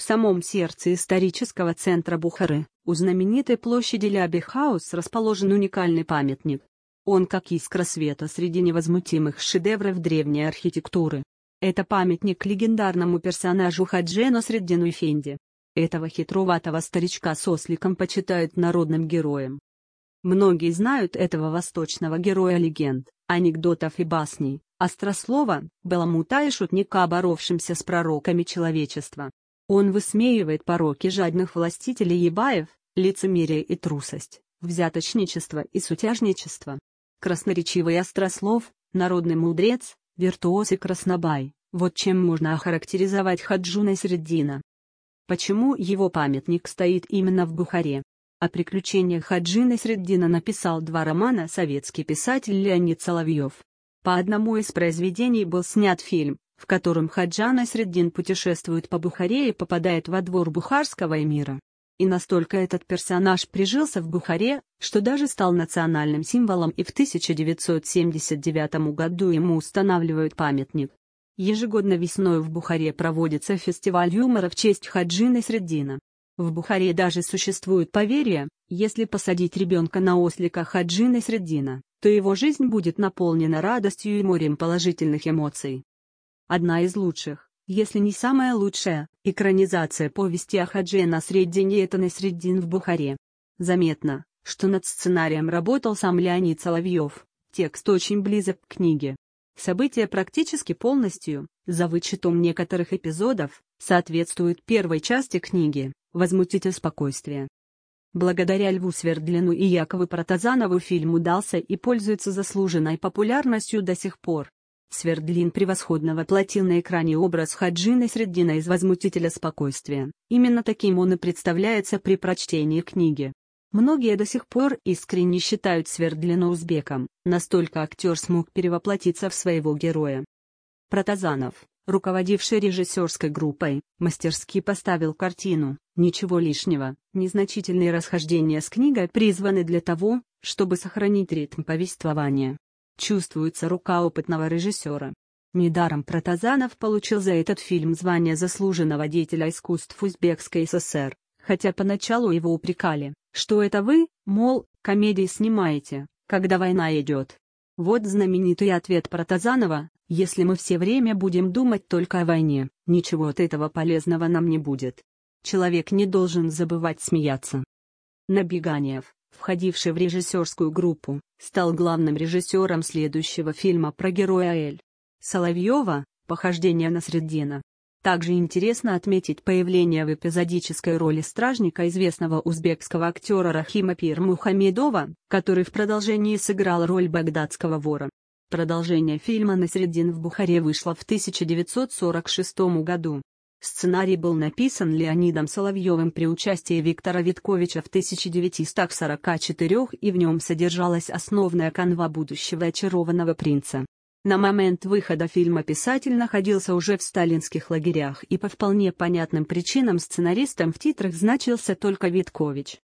в самом сердце исторического центра Бухары, у знаменитой площади Лябихаус расположен уникальный памятник. Он как искра света среди невозмутимых шедевров древней архитектуры. Это памятник легендарному персонажу Хаджи Насреддину Эфенди. Этого хитроватого старичка с осликом почитают народным героем. Многие знают этого восточного героя легенд, анекдотов и басней, острослова, баламута и шутника, боровшимся с пророками человечества. Он высмеивает пороки жадных властителей ебаев, лицемерие и трусость, взяточничество и сутяжничество. Красноречивый острослов, народный мудрец, виртуоз и краснобай – вот чем можно охарактеризовать Хаджуна Среддина. Почему его памятник стоит именно в Бухаре? О приключениях Хаджина Среддина написал два романа советский писатель Леонид Соловьев. По одному из произведений был снят фильм в котором хаджан Насреддин путешествует по Бухаре и попадает во двор бухарского эмира. И настолько этот персонаж прижился в Бухаре, что даже стал национальным символом и в 1979 году ему устанавливают памятник. Ежегодно весной в Бухаре проводится фестиваль юмора в честь хаджина Насреддина. В Бухаре даже существует поверье, если посадить ребенка на ослика хаджина Насреддина, то его жизнь будет наполнена радостью и морем положительных эмоций. Одна из лучших, если не самая лучшая, экранизация повести о Хадже на средине это на средин в Бухаре. Заметно, что над сценарием работал сам Леонид Соловьев, текст очень близок к книге. События практически полностью, за вычетом некоторых эпизодов, соответствуют первой части книги возмутите спокойствие. Благодаря Льву Свердлину и Якову Протазанову фильм удался и пользуется заслуженной популярностью до сих пор. Свердлин превосходно воплотил на экране образ Хаджина Среддина из «Возмутителя спокойствия». Именно таким он и представляется при прочтении книги. Многие до сих пор искренне считают Свердлина узбеком, настолько актер смог перевоплотиться в своего героя. Протазанов, руководивший режиссерской группой, мастерски поставил картину, ничего лишнего, незначительные расхождения с книгой призваны для того, чтобы сохранить ритм повествования. Чувствуется рука опытного режиссера. Недаром Протазанов получил за этот фильм звание заслуженного деятеля искусств Узбекской ССР, хотя поначалу его упрекали, что это вы, мол, комедии снимаете, когда война идет. Вот знаменитый ответ Протазанова, если мы все время будем думать только о войне, ничего от этого полезного нам не будет. Человек не должен забывать смеяться. Набеганиев входивший в режиссерскую группу, стал главным режиссером следующего фильма про героя Эль. Соловьева «Похождение на Средина. Также интересно отметить появление в эпизодической роли стражника известного узбекского актера Рахима Пир Мухамедова, который в продолжении сыграл роль багдадского вора. Продолжение фильма «Насреддин в Бухаре» вышло в 1946 году. Сценарий был написан Леонидом Соловьевым при участии Виктора Витковича в 1944 и в нем содержалась основная канва будущего очарованного принца. На момент выхода фильма писатель находился уже в сталинских лагерях и по вполне понятным причинам сценаристом в титрах значился только Виткович.